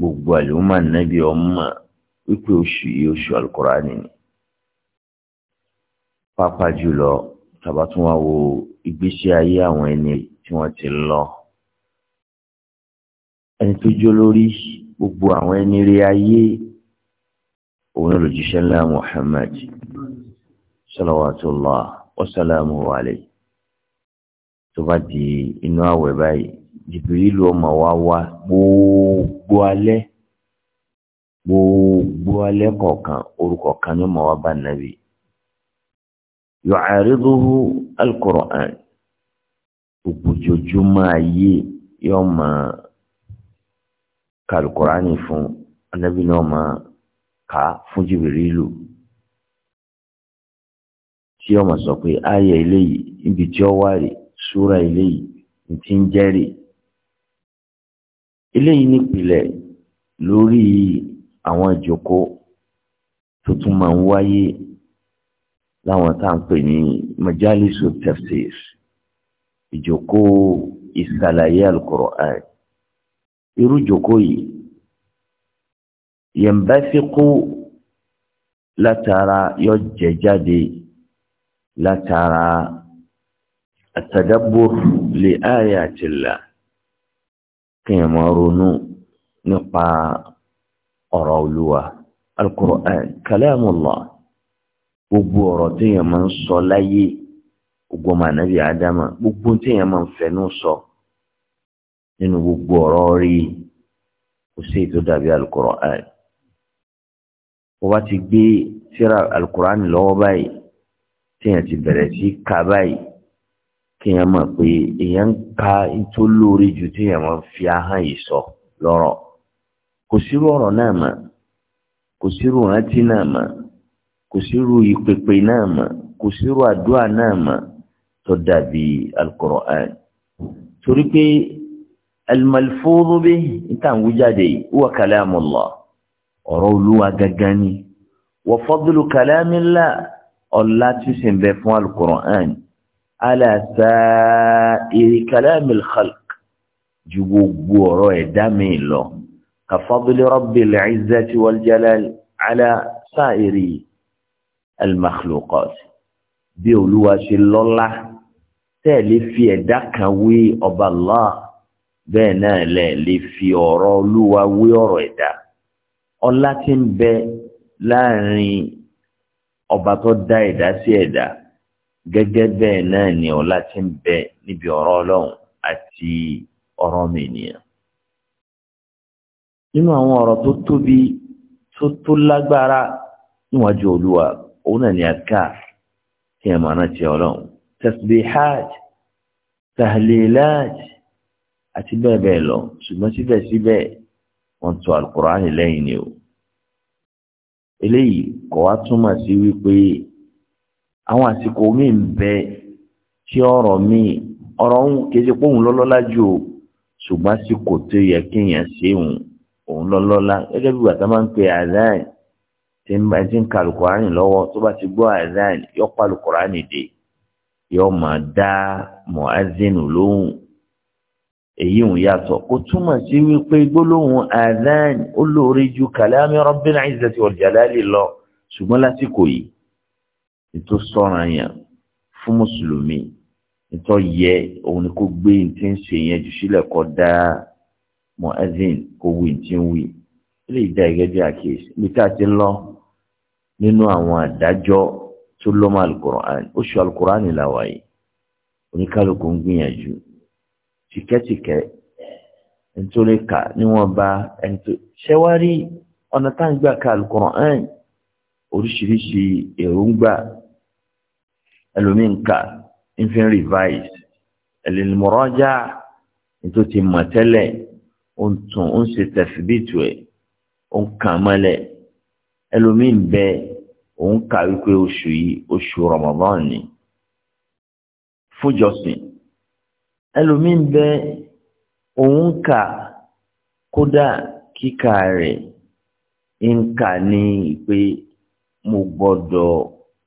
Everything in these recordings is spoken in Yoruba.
gbogbo àlùmọ́ nàbí ọmọ wípé oṣù yìí oṣù alukurani ni pápá jùlọ tàbá tún wá wo ìgbésí ayé àwọn ẹni tí wọ́n ti lọ ẹni tó jó lórí gbogbo àwọn ẹni rí ayé òun lòjíṣẹ́ ńlá Muhammad salawatullah wa salamu alayhi tó bá di inú àwẹ̀ báyìí jìbìrìlù ọmọ wa gbogbo alẹ gbogbo alẹ kọ̀ọ̀kan orúkọ kan ní ọmọ wa bá nàbì yu'ariduhu al-Qur'an ògbójojúmọ́ ayé yọ ka al-Qur'an fún anabi náà máa kà á fún jìbìrìlù tí ọmọ eléyìí nípìnlẹ̀ lórí àwọn ìjòkó tó tún máa ń wáyé láwọn tá à ń pè ní majalisu tafsir ìjòkó ìsàlàyé al-Qur'an irú ìjòkó yìí yẹnbẹ́síkú látara yọ jẹ jáde látara àtàdábò lè ayatillah kéèyàn máa ronú nípa ọ̀rọ̀ olúwa al-Qur'an kalamullah gbogbo ọ̀rọ̀ téèyàn máa ń sọ láyé gbogbo ọmọ ànábì ádámà gbogbo téèyàn máa ń fẹnu sọ nínú gbogbo ọ̀rọ̀ rí kò sí ètò dàbí al-Qur'an ó bá ti gbé síra al-Qur'an lọ́wọ́ báyìí téèyàn ti bẹ̀rẹ̀ sí kà báyìí kéèyàn mọ̀ pé èèyàn ń ka tó lóore jù téèyàn máa fi ahọ́n yìí sọ lọ́rọ̀ kò sírú ọ̀rọ̀ náà mọ̀ kò sírú rántí náà mọ̀ kò sírú ìpèpè náà mọ̀ kò sírú àdúrà náà mọ̀ tó dàbí al-Qur'an torí pé al-malfudhu bihi níta ń wí ọ̀rọ̀ olúwa gangan ni wa fadlu kalamillah ọ̀la tún sì ń bẹ fún al-Qur'an ala sa'iri kalamil khalq ju gbogbo ọ̀rọ̀ ẹ̀dá mi lọ ka fadli rabbil izzati wal jalal ala sa'iri al makhluqat bí olúwa ṣe lọ́lá tẹ́ẹ̀lé fi ẹ̀dá kan wé ọba Allah bẹ́ẹ̀ náà lẹ́ẹ̀lé fi ọ̀rọ̀ olúwa wé ọ̀rọ̀ ẹ̀dá ọlá tí ń bẹ láàrin ọba tó dá ẹ̀dá sí ẹ̀dá gẹ́gẹ́ bẹ́ẹ̀ náà ni ọlá ti ń bẹ níbi ọ̀rọ̀ Ọlọ́run àti ọ̀rọ̀ mìíràn nínú àwọn ọ̀rọ̀ tó tóbi tó tó lágbára níwájú Olúwa òun náà ni àká kí ẹ máa rántí Ọlọ́run tasbihaj tahlilaj àti bẹ́ẹ̀ bẹ́ẹ̀ lọ ṣùgbọ́n síbẹ̀síbẹ̀ wọ́n tò alukur'ani lẹ́yìn ni o eléyìí kò wá túmọ̀ sí wípé àwọn àsìkò míì ń bẹ tí ọ̀rọ̀ míì ọ̀rọ̀ ń kéde pé òun lọ́lọ́lá jù o ṣùgbọ́n àsìkò tó yẹ kéèyàn ṣe òun òun lọ́lọ́lá gẹ́gẹ́ bí bàtà máa ń pe àdáì tí ń bá ti ń ka alukurani lọ́wọ́ tó bá ti gbọ́ àdáì yọ pa alukurani dé yọ máa dá mọ̀ázínù lóhùn èyí ń yàtọ̀ ó túmọ̀ sí wípé gbólóhùn àdáì ó lóore ju kàlámì rabbil izzati wal jalali lọ ṣùgbọ́n lásìkò yìí ètò sọ̀ràn yàn fún mùsùlùmí ètò yẹ òun ni kó gbé ntí ń ṣe yẹn jù sílẹ̀ kọ́ dá mọ́ẹ́dín kó wí ntí ń wí lè da gẹ́gẹ́ bí àkíyèsí ibi tá a ti lọ nínú àwọn àdájọ́ tó lọ́mọ alukur'an oṣù alukur'an là wà yìí oníkálukú ń gbìyànjú tìkẹ́tìkẹ́ nítorí kà níwọ̀nba ẹ̀ńtò ṣẹ́wárí ọ̀nà tá à ń gbà ka alukur'an oríṣiríṣi èròǹgbà ẹlòmíì ń kà ń fi revise ẹlẹ́nìmọ̀rọ́jà nítorí ti mọ̀ tẹ́lẹ̀ ó ń tún ó ń ṣe tẹ̀síbìtì ẹ̀ ó ń kàn mọ́lẹ̀ ẹlòmíì ń bẹ òun kà wípé oṣù yìí oṣù Ramadan ni fújọsìn ẹlòmíì ń kódà kíkà rẹ̀ ń ní pé mo gbọ́dọ̀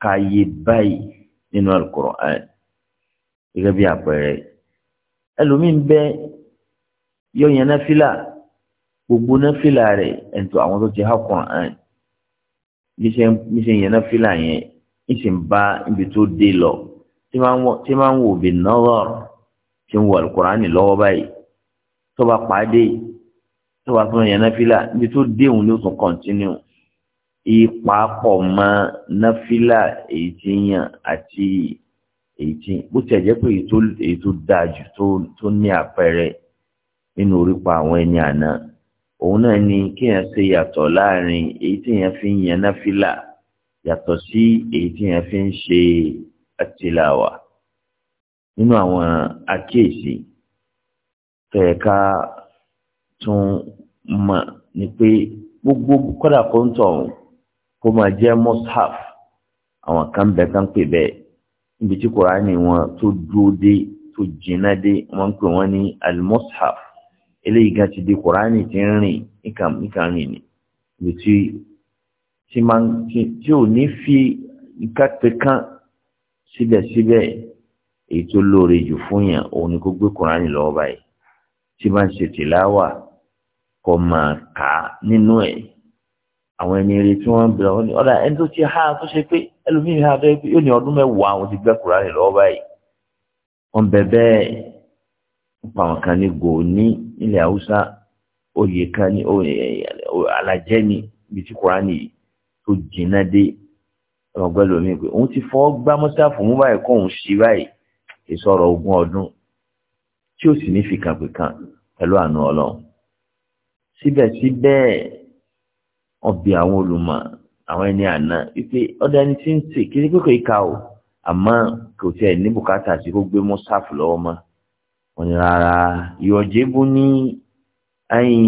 káyé báyìí nínú alukur'an gẹ́gẹ́ bí àpẹẹrẹ ẹlòmíín bẹ yọyàn náfìlà gbogbo náfìlà rẹ ẹ̀ǹtọ́ àwọn tó ti há kur'an níṣẹ́ yẹn náfìlà yẹn níṣẹ́ ń bá ibi tó dé lọ tí máa ń wò bí nọ́ọ̀rọ̀ tí ń wọ alukur'an lọ́wọ́ báyìí tó pàdé tó bá tún yẹn náfìlà ibi tó dé òun ló tún kọ́ntínú ìpapọ̀ mọ́ náfìlà èyí tí yàn àti èyí tí bó tiẹ̀ jẹ́ pé èyí tó dáa jù tó ní àpẹẹrẹ nínú orípa àwọn ẹni àná òun náà ni kéèyàn ṣe yàtọ̀ láàrin èyí tí yẹn fi ń yan náfìlà yàtọ̀ sí èyí tí yẹn fi ń ṣe àtìláwà nínú àwọn àkíyèsí fẹ̀ẹ́ ká tún mọ̀ ni pé gbogbo kọ́dà kó ń tọ̀ kó máa jẹ́ mushaf àwọn kan bẹ̀ kan pè bẹ́ẹ̀ níbi tí kùránì wọn tó dúró dé tó jìnnà dé wọ́n pè wọ́n ní al-mushaf eléyìí gan ti di kùránì tí ń rìn nìkan rìn ni ibi tí tí ò ní fi ìkápẹ́ kan síbẹ̀síbẹ̀ èyí tó lóore jù fún yàn òun ni kó gbé kùránì lọ́wọ́ báyìí tí máa ń ṣe tìláwà kó máa kà á nínú ẹ̀ àwọn ẹni eré tí wọ́n ń bẹ̀rẹ̀ wọ́n ní ọ̀dà ẹni tó ti há tó ṣe pé ẹlòmíì há tó ṣe pé yóò ní ọdún mẹ́wàá àwọn ti gbẹ́ kúránì lọ́wọ́ báyìí wọ́n bẹ bẹ́ẹ̀ nípa àwọn kan ní gòní nílẹ̀ haúsá oyè kan ní alajẹ́ ni ibi tí kúránì tó jìnnà dé ọgbẹ́ lomi pé òun ti fọ́ gbá mọ́sáfù mú báyìí kó òun ṣí báyìí ìsọ̀rọ̀ ogún ọdún tí ó sì ní fìkàpìkàn pẹ̀lú àánú ọlọ́run síbẹ̀síbẹ̀ ọbẹ àwọn olùmọ̀ àwọn ẹni àná wípé ọdọ ẹni tí ń sè kiri pé kò í ka o àmọ́ kò tiẹ̀ ní bùkátà tí kò gbé mọsáfù lọ́wọ́ mọ́ wọn ni rárá yọjẹbù ní ayin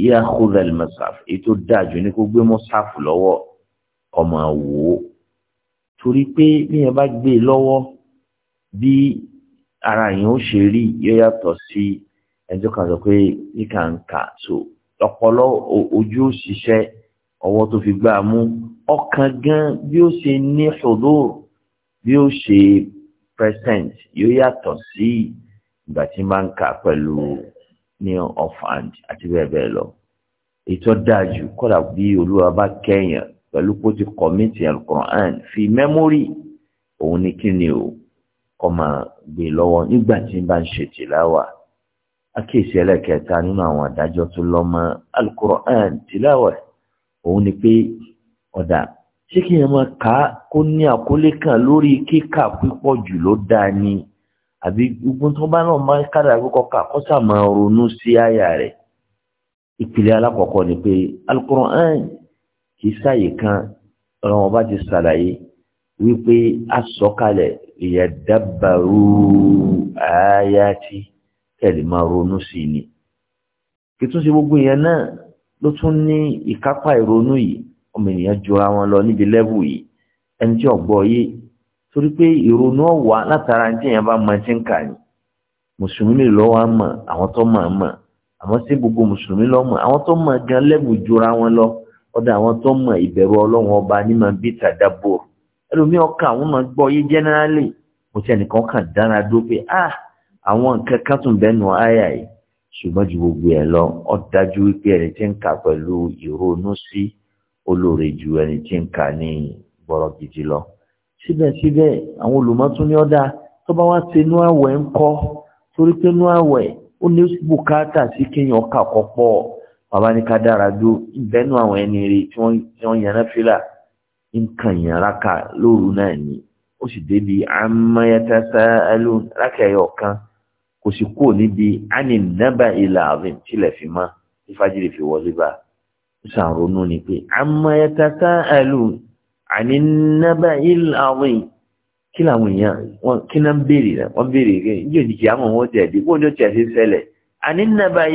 yíyá kúrẹ́lì mọsáfù ètò dájú ní kò gbé mọsáfù lọ́wọ́ ọmọ wò torí pé bíyẹn bá gbé e bí ara yẹn ó ṣe rí yóò yàtọ̀ sí ẹjọ́ kan sọ pé kíkà ń kà so ọpọlọ ojú òṣìṣẹ́ ọwọ́ tó fi gbá mú ọkàn gan bí ó ṣe ní hudur bí ó ṣe present yóò yàtọ̀ sí ìgbà tí máa ń kà pẹ̀lú ní offhand àti bẹ́ẹ̀ bẹ́ẹ̀ lọ ètò dájú kọ́dà bí olúwa bá kẹ́yìn pẹ̀lú kó ti kọ̀mìtì alukoran fi mẹ́mórì òun ní kí ni o kọ́ máa gbé e lọ́wọ́ nígbà tí n bá ń ṣe tìláwà akéèsì ẹlẹ́kẹta nínú àwọn àdájọ́ tó lọ́ mọ́ alukoran tìláwà òun ni pé ọ̀dà ṣé kí èèyàn máa kà á kó ní àkólé kan lórí kíkà pípọ̀ jù ló dáa ni àbí gbogbo tó bá náà máa ń kádà kíkọ́ kà kó sà máa ronú sí àyà rẹ̀ ìpìlẹ̀ alákọ̀ọ́kọ́ ni pé Al-Qur'an kì í sáàyè kan ọ̀rọ̀ wọn ti ṣàlàyé wípé asọ̀kalẹ̀ ìyàdàbàrú àyàtì kẹ̀lé máa ronú sí ni kìtúnṣe gbogbo èèyàn náà ló tún ní ìkápá ìrònú yìí ọmọ ènìyàn jura wọn lọ níbi lẹ́bù yìí ẹni tí ọ̀gbọ́ yé torí pé ìrònú ọ̀wà látara ní èèyàn bá máa ti ń kà ní mùsùlùmí lọ́wọ́ á mọ̀ àwọn tó mọ̀ á mọ̀ àmọ́ sí gbogbo mùsùlùmí lọ́mọ̀ àwọn tó mọ̀ gan lẹ́bù jura wọn lọ ọ̀dọ̀ àwọn tó mọ̀ ìbẹ̀rù ọlọ́run ọba ní máa tàdábò ẹlòmí ọkà àwọn máa gbọ́ yé jẹ́nẹ́rálì kò sí ẹnìkan kàn dára pé ah àwọn nǹkan kan tún yìí ṣùgbọ́n ju gbogbo ẹ̀ lọ ó dájú wípé ẹni tí ń kà pẹ̀lú ìrònú sí olóore ju ẹni tí ń kà ní bọ̀rọ̀ gidi lọ. síbẹ̀síbẹ̀ àwọn olùmọ́tún ní ọ̀dà tó bá wá ti inú àwẹ̀ ń kọ́ torí pé inú àwẹ̀ ó ní bùkátà sí kéèyàn kà kọ́ pọ̀ bàbá ní ká dára dó ìbẹ́nu àwọn ẹni rí tí wọ́n yànnà fílà ń kàn yàn ráka lóru náà ni ó sì débi àmọ́yẹtẹsẹ́ ẹlú rákẹ́yọ̀ kan kò sì kú níbi ani nàbà ilà azim tilẹ̀ fi mọ́ tí fájìrì fi wọlé bá ó ṣàrònú ni pé amma yatasaalun ani nàbà ilà azim kí làwọn èèyàn wọn kí náà ń béèrè rẹ wọn béèrè rẹ yóò di kìámọ wọn tẹ ẹdí wọn yóò tẹ ẹsẹ ṣẹlẹ̀ ani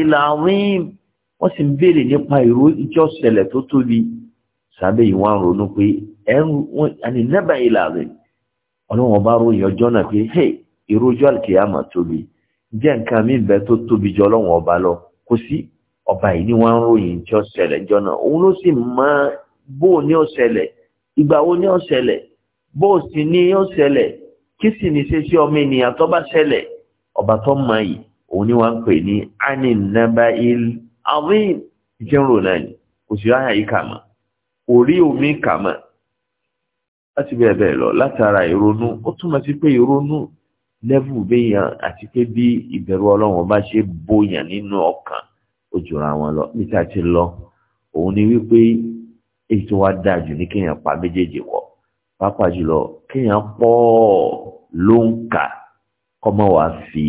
ilà azim wọn sì ń béèrè nípa ìró ìjọ ṣẹlẹ̀ tó tóbi sábẹ́ yìí wọn ronú pé ẹrù wọn ani ilà azim ọlọ́wọ́n bá ròyìn ọjọ́ náà pé ìró ọjọ́ àlùkìyàmọ̀ tóbi. jẹ́ nǹkan mi bẹ tó tóbi jọ lọ́wọ́n ọba lọ kò sí ọba yìí ni wọ́n ń ròyìn tí ó ṣẹlẹ̀ jọ náà òun ló sì mọ bó ní ó ṣẹlẹ̀ ìgbà wo ní ó ṣẹlẹ̀ bó sì ní ó ṣẹlẹ̀ kí sì ní ṣe sí ọmọ ènìyàn ọba tó mọ yìí òun ni wọ́n ń pè ní náà ni kò sí omi kà mọ́ láti lọ látara ìrònú ó túmọ̀ sí lẹ́fù béèyàn àti pé bí ìbẹ̀rù ọlọ́run ọba ṣe bóyàn nínú ọkàn ó jùra wọn lọ níta ti lọ òun ni wípé èyí tó wá dáa jù ní kéèyàn pa méjèèjì wọ pàápàá jùlọ kéèyàn pọ̀ ló ń kà kọ́mọ wàá fi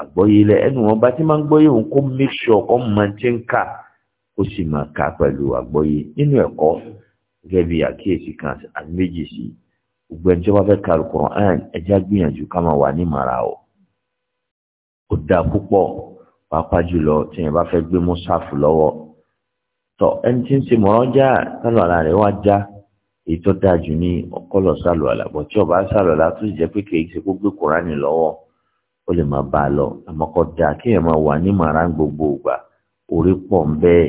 àgbọ́yé lẹ ẹnu wọn bá ti máa ń gbọ́yé òun kó make sure kọ́ máa ti ń kà ó sì máa kà pẹ̀lú àgbọ́yé nínú ẹ̀kọ́ gẹ́gẹ́ bí àkíyèsí kan àti méjì sí i gbogbo ẹni tí wọ́n fẹ́ ka alukur'an ẹja gbìyànjú ká máa wà ní mara o ó da púpọ̀ pàápàá jùlọ tí yẹn bá fẹ́ gbé mọ́sáfù lọ́wọ́ tọ ẹni tí ń ṣe mọ́rọ́jà sálọ̀ àlá rẹ̀ wá já èyí tó dáa jù ní ọkọlọ sálọ̀ àlá bọ̀ tí ọba sálọ̀ àlá tó jẹ́ pé kìí ṣe kó kùránì lọ́wọ́ ó lè máa bá a lọ àmọ́ kò dáa kí yẹn máa wà ní mara gbogbo ìgbà orí pọ̀ ń bẹ́ẹ̀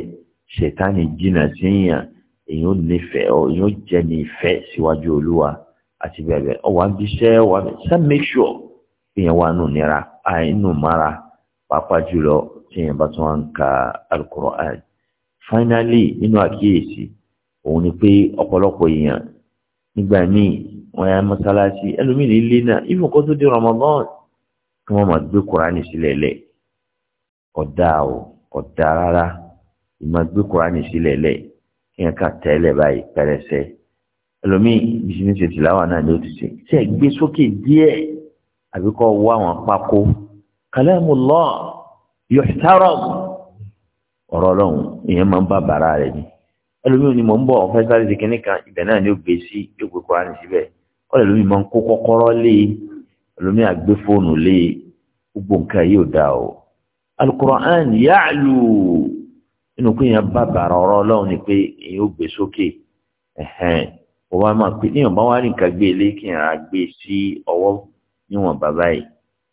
ṣètánì jìnnà sí yàn èyí ó nífẹ̀ẹ́ ọ èyí ó jẹ́ ní ìfẹ́ síwájú olúwa àti bẹ́ẹ̀ bẹ́ẹ̀ ọwà bíṣẹ́ wà ṣá make sure èèyàn wà nù nira àìnù mara pàápàá jùlọ tí èèyàn bá tún wá ń ka alukur'an finally nínú àkíyèsí òun ni pé ọ̀pọ̀lọpọ̀ èèyàn nígbà míì wọ́n yá mọ́sálásí ẹlòmíì nílé náà even kó tó di Ramadan kí wọ́n máa gbé kuraani sílẹ̀ lẹ̀ ọ̀dà o ọ̀dà rárá ìmọ̀ gbé kuraani sílẹ̀ lẹ̀ kí wọ́n kà tẹ́lẹ̀ báyìí pẹ́rẹsẹ́ ẹlòmíì bí ṣe ń ṣe tìláwà náà ni ó ti ṣe ṣe gbé sókè díẹ̀ àbí kọ́ wọ àwọn pákó kalamullah yuhtaram ọ̀rọ̀ ọlọ́run ìyẹn máa ń bá bàrà rẹ̀ ni ẹlòmíì ni mò ń bọ̀ ọ̀fẹ́ sáré ṣe kínní kan ibẹ̀ náà ni ó gbé sí yóò gbé kọ́ra ní síbẹ̀ ọ̀rọ̀ máa ń kó kọ́kọ́rọ́ lé e, ẹlòmíì àgbé fóònù lé e. gbogbo nǹkan yìí ò dáa o alukur'an yaalu inú kí èèyàn bá bàrà ọ̀rọ̀ ọlọ́run ni pé èèyàn ó gbé sókè ẹ̀hẹ́n wọ́n bá máa pé níwọ̀n bá wá ní nǹkan gbé ilé kí ìrìn àgbé sí ọwọ́ níwọ̀n bàbá yìí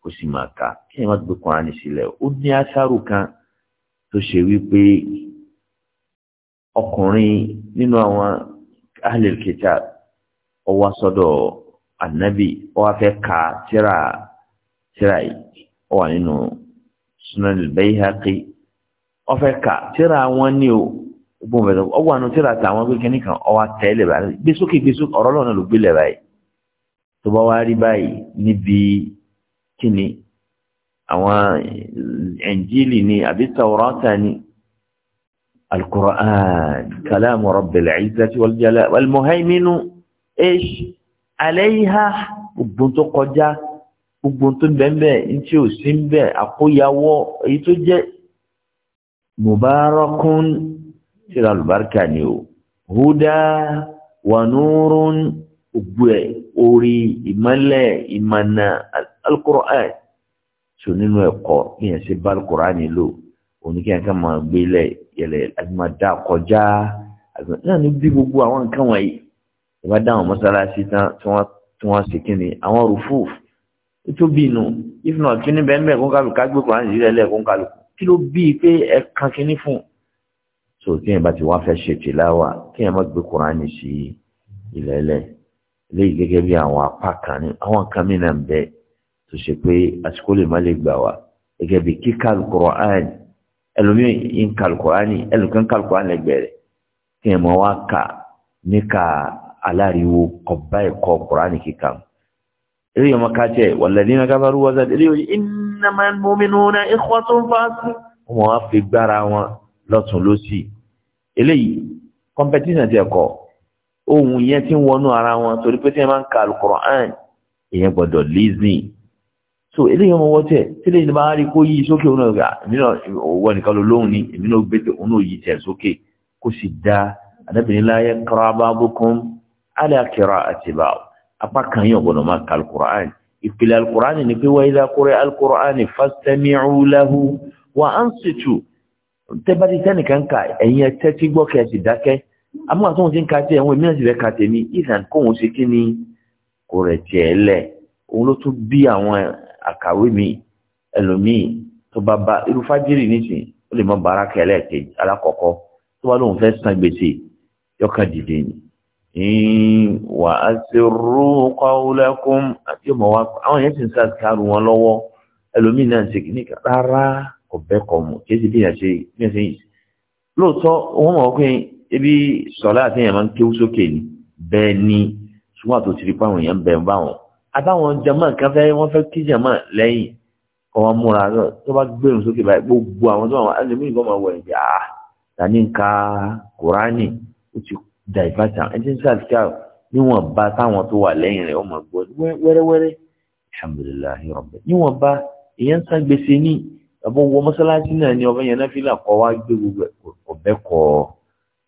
kó sì máa kà kí ìrìn má gbé Kùránì sílẹ̀ ó ní àṣàrò kan tó ṣe wípé ọkùnrin nínú àwọn ahlul kitab ó wá sọ́dọ̀ ànábì ó wá fẹ́ ka tíra tíra yìí ó wà nínú Sunan al-Bayhaqi ó fẹ́ ka tíra wọn ní o. gbọ́n bẹ̀rẹ̀ ọwọ́ àánú tíra ta àwọn akékeré nìkan ọwọ́ àtẹ́lẹ̀ báyìí gbé sókè gbé sókè ọ̀rọ̀ lọ́nà ló gbélé báyìí tó bá wá rí báyìí níbi kíni àwọn ẹ̀ǹjíìlì ni àbí tàwọ́rọ́tà ni alukur'an kàlámù rabbil izzati wal jalal wal muhaiminu ish alayha tó kọjá gbogbo tó bẹ́ẹ̀ ntí ò sí bẹ́ẹ̀ àkóyawọ́ èyí tó jẹ́ mubarakun tíra àlùbáríkà ni o húdà wànúrún ògbẹ orí ìmọ́lẹ̀ ìmọ̀nà alukur'an so nínú ẹ̀kọ́ yẹn ṣe bá alukur'an ni lò oníkẹ́yìn kan máa gbélé yẹlẹ àdìmọ̀dá kọjá náà ní bí gbogbo àwọn nǹkan wọ̀nyí ìbá dáhùn mọ́sálásí tán tí wọ́n sì kí ni àwọn rufuf tó bí inú if not kí ni bẹ́ẹ̀ mẹ́ẹ̀kún kálukú kágbé kùránì sílẹ̀ lẹ́ẹ̀kún kálukú kí ló bí i pé ẹ̀ kan kí ni so tí yẹn bá ti wá fẹ́ ṣe tìláwà kí yẹn má gbé kuraani sí ilẹ̀lẹ̀ léyìí gẹ́gẹ́ bí àwọn apá kan ní àwọn kan mí náà ń bẹ tó ṣe pé àsìkò lè má lè gbà wá gẹ́gẹ́ bí kíkà kuraani ẹlòmíì ń kà kuraani ẹlòmíì ń kà kuraani lẹ́gbẹ̀rẹ̀ kí yẹn má wá kà níka aláriwo kọba ẹ̀kọ́ kuraani kíkà ilé yẹn má ká tẹ walladhina kafaru wá sáà ilé yẹn innamal mu'minuna ikhwatun fásitì wọn wá fi gbára wọn lọ́tún lọ́sì eléyìí competition ti ẹ̀kọ́ ohun yẹn ti ń wọnú ara wọn torí pé tí wọ́n máa ń ka alukoran èèyàn gbọ́dọ̀ listening so eléyìí ọmọ wọ́n tẹ̀ tí lèyìn bá rí kó yí sókè òun náà èmi náà òwò nìkan ló lóhùn ni èmi náà gbé òun náà yí tẹ̀ sókè kó sì da anábìnrin láyé karababukum alákẹ́rọ àtibá apá kan yóò gbọ́dọ̀ máa ka alukoran ìpìlẹ̀ alukoran ni pé wáyé lákúrẹ́ alukoran fastami'u lahu wa ansitu tẹ́bàtí tẹ́nìkan ka ẹ̀yin ẹtẹ́ tí gbọ́ kẹ́ ẹ sì dákẹ́ amúgbà tóun ti ń ka tẹ́ ẹ̀wọ̀n mìíràn sì fẹ́ ka tèmi ìsàn kóun ṣe kí ni kò rẹ̀ tiẹ̀ lẹ̀ òun ló tún bí àwọn àkàwé mi ẹlòmíì tó bá ba irú fájírì nísìn ó lè mọ bàárà kẹlẹ́ kejì alákọ̀ọ́kọ́ tó bá lóun fẹ́ san gbèsè yọkàn dìde ni wà á ṣe rú kọ́wúlẹ́kùn àti ọmọ wa àwọn yẹn ti ń sàkárù ọ̀bẹ kọ̀ọ̀mù kí ẹsẹ̀ bíyàn ṣe bíyàn ṣe yìí lóòótọ́ wọ́n mọ̀ pé ebi sọ̀lá àti èèyàn máa ń kéwú sókè ni bẹ́ẹ̀ ni ṣùgbọ́n àti òtítí pa àwọn èèyàn bẹ̀ ń bá wọn àbáwọn jama kan fẹ́ wọ́n fẹ́ kí jama lẹ́yìn kọ́ wọn múra tó bá gbẹ̀rù sókè báyìí gbogbo àwọn tó wọn ẹlẹ́mìí kan máa wọ̀ ẹ̀jẹ̀ ah tani ń ka kùránì ti da ìbátan ẹni tí ń sàkíyà níwọ̀n bá táwọn tó wà lẹ́yìn rẹ̀ ọmọ gbọ́ wẹ́rẹ́wẹ́rẹ́ alhamdulilayi rabbil níwọ̀n bá èèyàn ń sàgbèsè ní ẹ̀bọ̀ wọ mọ́sálásí náà ni ọbẹ̀ yẹn náà fi là kọ́ wá gbé gbogbo ọbẹ̀ kọ́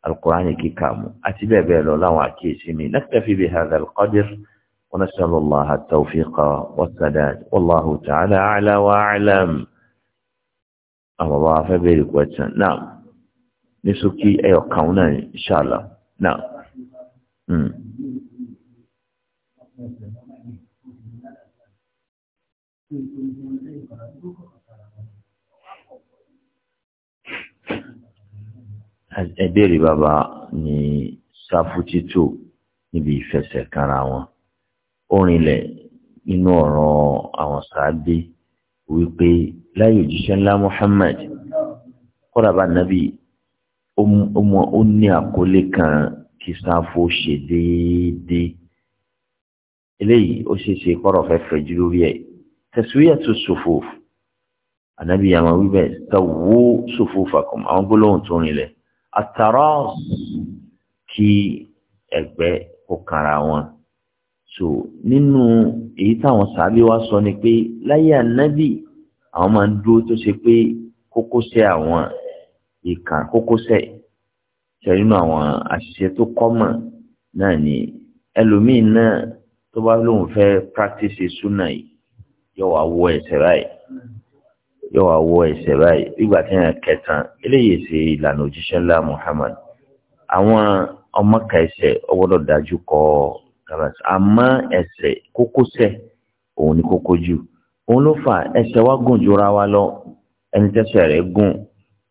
alukur'ani kíkà mu àti bẹ́ẹ̀ bẹ́ẹ̀ lọ láwọn àkíyèsí mi naktafi bi hadha alqadir wa nasalu allah at-tawfiqa wa sadad wallahu ta'ala a'la wa a'lam àwọn bá fẹ́ bẹ̀rẹ̀ question náà ní sókí ẹ̀yọ̀ kan náà inṣàlá náà. Thank you. ẹbẹ̀rẹ̀ bàbá ní sáfútítò níbi ìfẹsẹ̀kanra wọn ó rinlẹ̀ nínú ọ̀rọ̀ àwọn sàádé wípé láyé òjíṣẹ́ ńlá Muhammad kọ́ra bá nàbí ó ní àkọlé kan kí sáfó ṣe déédéé eléyìí ó ṣe ṣe kọ́rọ̀ fẹ́fẹ́ jù lórí ẹ̀ tẹ̀síwíyà tó ṣòfò ànábìyàmọ̀ wíbẹ̀ tẹ̀wó ṣòfò fàkùn àwọn gbólóhùn tó rinlẹ̀ àtàrọ́ọ̀s kí ẹgbẹ́ kó wọn so nínú èyí táwọn sàábé wa sọ ni pé láyé ànábì àwọn máa ń dúró tó ṣe pé kókósẹ̀ àwọn ìkàn kókósẹ̀ ṣe àwọn àṣìṣe tó kọ́mọ̀ náà ni ẹlòmíín náà tó bá lóun fẹ́ practice sunna yìí yóò wá wọ ẹsẹ̀ báyìí yóò wá wọ ẹsẹ̀ báyìí nígbà tí yẹn kẹtàn eléyìí ṣe ìlànà òjíṣẹ́ ńlá Muhammad àwọn ọmọ ka ẹsẹ̀ ọwọ́dọ̀ dájú kọ kàràtì àmọ́ ẹsẹ̀ kókósẹ̀ òun ni kókó jù òun ló fà ẹsẹ̀ wa gùn jura wa lọ ẹni tẹ́sẹ̀ rẹ̀ gùn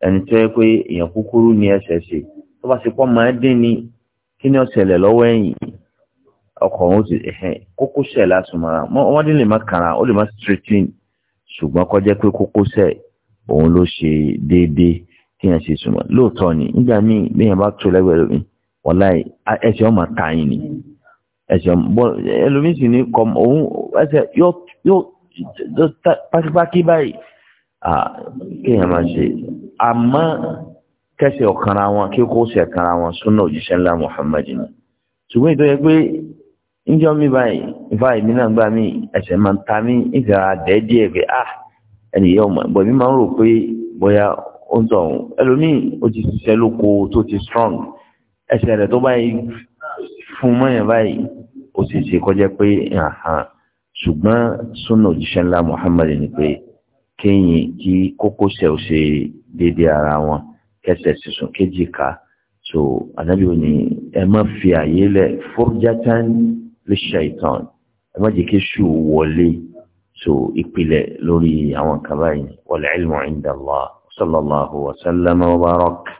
ẹni tẹ́ pé èèyàn kúkúrú ni ẹsẹ̀ ṣe tó bá ṣe pọ́ máa dín ni kí ni ó ṣẹlẹ̀ lọ́wọ́ ẹ̀yìn òun ti kókósẹ̀ lásùmọ̀ra wọ́n lè má kàrà ó lè má straighten ṣùgbọ́n kó jẹ́ pé kókósẹ̀ òun ló ṣe déédéé kí yẹn ṣe súnmọ́ lóòótọ́ ni nígbà míì léèyàn bá tó lẹ́gbẹ̀ẹ́ lómi wàláì ẹsẹ̀ ọmọ ta yín ni ẹsẹ̀ bọ́ ẹlòmíì sì ní kọ́ òun ẹsẹ̀ yóò yóò pátápátá báyìí kéèyàn máa ṣe àmọ́ kẹsẹ̀ ọ̀kanra wọn kí kókósẹ̀ kanra wọn súnà òjíṣẹ́ ńlá Muhammadin ṣùgbọ́n ìtọ́jú pé níjọ́ mi báyìí ìfá ìmí náà gbá mi ẹsẹ̀ máa ń ta mí ìgbà àdẹ́ díẹ̀ pé ah ẹnì yẹ ọmọ ẹ̀bọ̀ mi máa ń rò pé bóyá ó ń tọ̀hún ẹlòmíì ó ti ṣiṣẹ́ lóko tó ti strong ẹsẹ̀ rẹ̀ tó báyìí fún mọ́yàn báyìí ó sì ṣe kọjá pé ṣùgbọ́n súnà òjíṣẹ́ ńlá Muhammad ni pé kéyìn kí kókósẹ̀ ò ṣe déédéé ara wọn kẹsẹ̀ sísun kéjì ká so ànábì ò ní ẹ má fi àyè lẹ̀ fúrújátán lish-shaytan ẹ má jẹ́ kí ṣù wọlé so ìpìlẹ̀ lórí àwọn nǹkan báyìí wal-ilmu 'inda Allah sallallahu wa sallama wa baraka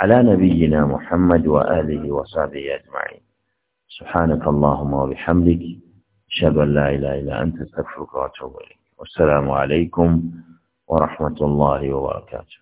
ala nabiyyina Muhammad wa alihi wa sahbihi ajma'in subhanaka Allahumma wa bihamdik ashhadu an la ilaha illa anta wa atubu ilayk wassalamu wa rahmatullahi wa barakatuh